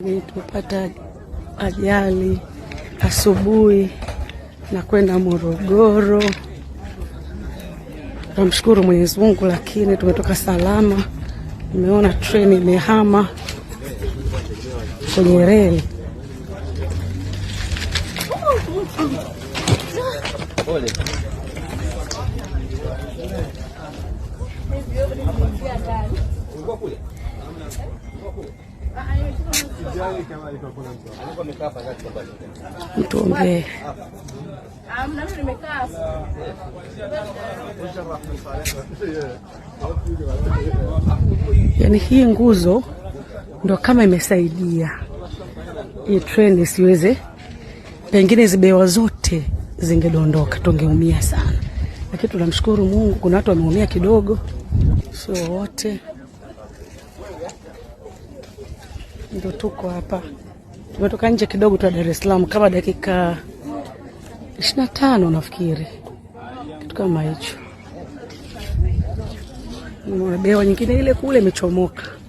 Nilipopata ajali asubuhi na kwenda Morogoro, namshukuru Mwenyezi Mungu, lakini tumetoka salama. Nimeona treni imehama kwenye reli. Mtuombee. hii nguzo ndo kama imesaidia hii treni isiweze, pengine zibewa zote zingedondoka, tungeumia sana, lakini tunamshukuru Mungu, kuna watu wameumia kidogo, sio wote. ndo tuko hapa, tumetoka nje kidogo tu ya Dar es Salaam kama dakika ishirini na tano nafikiri, kitu kama hicho. Behewa nyingine ile kule imechomoka.